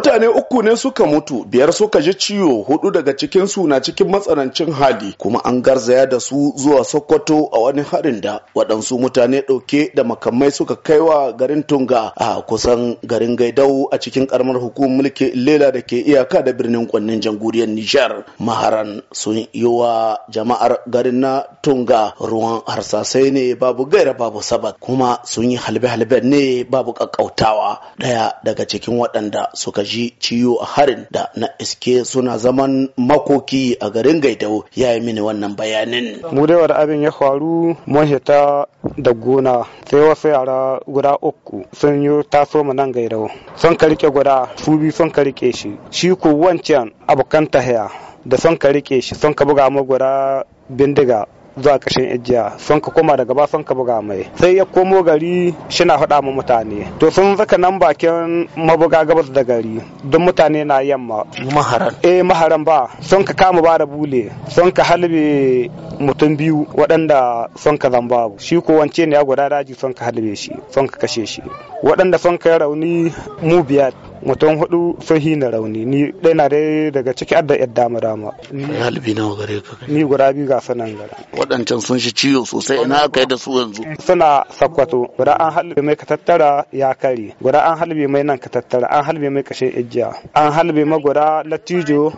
mutane uku ne suka mutu biyar suka ji ciwo hudu daga cikinsu na cikin matsanancin hali kuma an garzaya da su zuwa sokoto a wani harin da waɗansu mutane ɗauke da makamai suka kai wa garin tunga a kusan garin gaidau a cikin karamar hukumar mulki lela da ke iyaka da birnin kwannin jamhuriyar nijar maharan sun yi wa jama'ar garin na tunga ruwan harsasai ne babu gaira babu sabat kuma sun yi halbe-halben ne babu kakkautawa ɗaya daga cikin waɗanda suka ji ciwo a harin da na iske suna zaman makoki a garin gaidau ya yi mini wannan bayanin mu da abin ya faru mun hita da gona sai wasu yara guda uku sun yi taso mu nan gaidau sun karike guda su biyu sun karike shi shi ku wancan abokan tahiya da son karike shi son ka buga mu guda bindiga zuwa ƙarshen ijiya sun koma daga ba sun ka buga mai sai ya komo gari shina faɗa ma mutane to sun zaka nan bakin mabuga gabas da gari don mutane na yamma maharan eh maharan ba sun ka kama ba da bule sun ka halbe mutum biyu waɗanda sun ka zamba shi ko wance ne ya guda daji sun ka halbe shi sun ka kashe shi waɗanda sun ka rauni mu biyar mutum hudu fahi na rauni ni dai na dai daga ciki adda yar dama dama ni halbi nawa gare ka ni guda biyu ga sanan gara Wadancan sun shi ciwo sosai ina kai yi da su yanzu suna sakwato guda an halbe mai ka tattara ya kare guda an halbe mai nan ka tattara an halbe mai kashe ijiya. an halbe ma guda latijo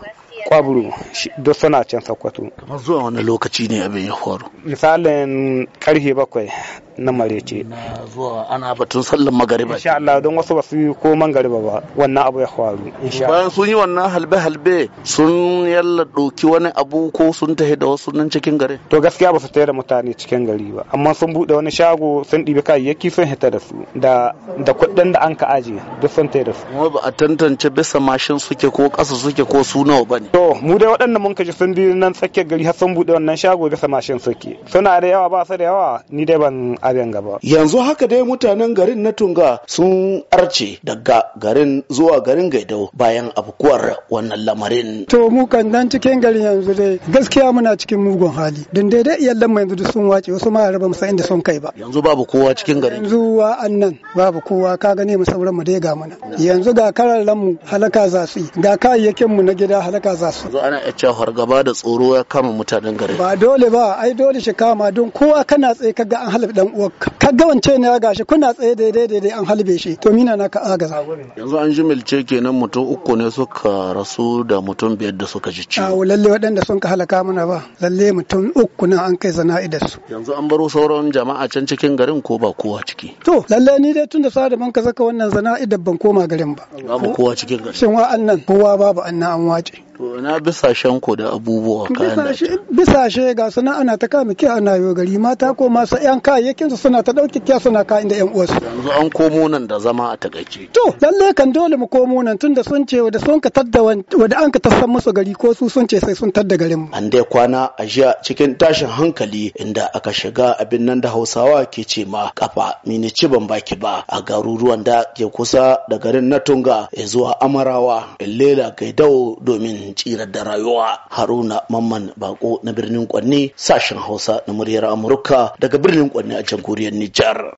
kwaburu duk suna can sakwato kamar zuwa wani lokaci ne abin ya faru misalin karfe bakwai na marece zuwa ana batun sallan magariba insha Allah don wasu ba su yi ko magariba ba wannan abu ya faru insha bayan sun yi wannan halbe halbe sun yalla doki wani abu ko sun tahi da wasu nan cikin gari to gaskiya ba su tayar da mutane cikin gari ba amma sun bude wani shago sun dibi kayayyaki sun hita da su da da kuɗin da an ka aje duk sun tayar da su kuma ba a tantance bisa mashin suke ko ƙasa suke ko su nawa bane to mu dai waɗannan mun kaji sun bi nan tsakiyar gari har sun bude wannan shago bisa mashin suke suna da yawa ba su da yawa ni dai ban abin gaba yanzu haka dai mutanen garin na tunga sun arce daga garin zuwa garin gaidau bayan abukuwar wannan lamarin to mu kan dan cikin gari yanzu dai gaskiya muna cikin mugun hali dai dai iyalan mu yanzu sun wace wasu ma raba mu inda sun kai ba yanzu babu kowa cikin gari. yanzu wa annan babu kowa ka gane mu sauran mu dai ga mana yanzu ga kararran mu halaka za su ga kayayyakin mu na gida halaka za su yanzu ana iya cewa gaba da tsoro ya kama mutanen gari. ba dole ba ai dole shi kama don kowa kana tsaye kaga an halaka dan Ka kaga wance ne ya gashi kuna tsaye daidai daidai an halbe shi to mina na ka agaza yanzu an milce kenan mutum uku ne suka rasu da mutum biyar da suka ji ciwo a lalle waɗanda sun ka halaka mana ba lalle mutum uku nan an kai zana'i da su yanzu an baro sauran jama'a can cikin garin ko ba kowa ciki to lalle ni dai tunda sa da man ka saka wannan zana'i da ban koma garin ba babu kowa cikin garin shin wa annan? kowa babu annan an wace na bisa shanko da abubuwa kayan Bisa shi ga suna ana ta kama kiya ana yo gari mata ko masu yan kayayyakin su suna ta dauke kiya suna kayan da yan uwarsu. Yanzu an komo nan da zama a takaice. To lalle kan dole mu komo nan tunda sun ce wanda sun ka tadda wanda an ka tassan musu gari ko su sun ce sai sun tadda garin mu. An dai kwana a jiya cikin tashin hankali inda aka shiga abin nan da Hausawa ke ce ma kafa mini ci ban baki ba a garuruwan da ke kusa da garin na Tunga e zuwa Amarawa e Lela Gaidau domin domin tsirar da rayuwa haruna mamman bako na birnin kwanne sashen hausa na muryar amurka daga birnin kwanne a jamhuriyar nijar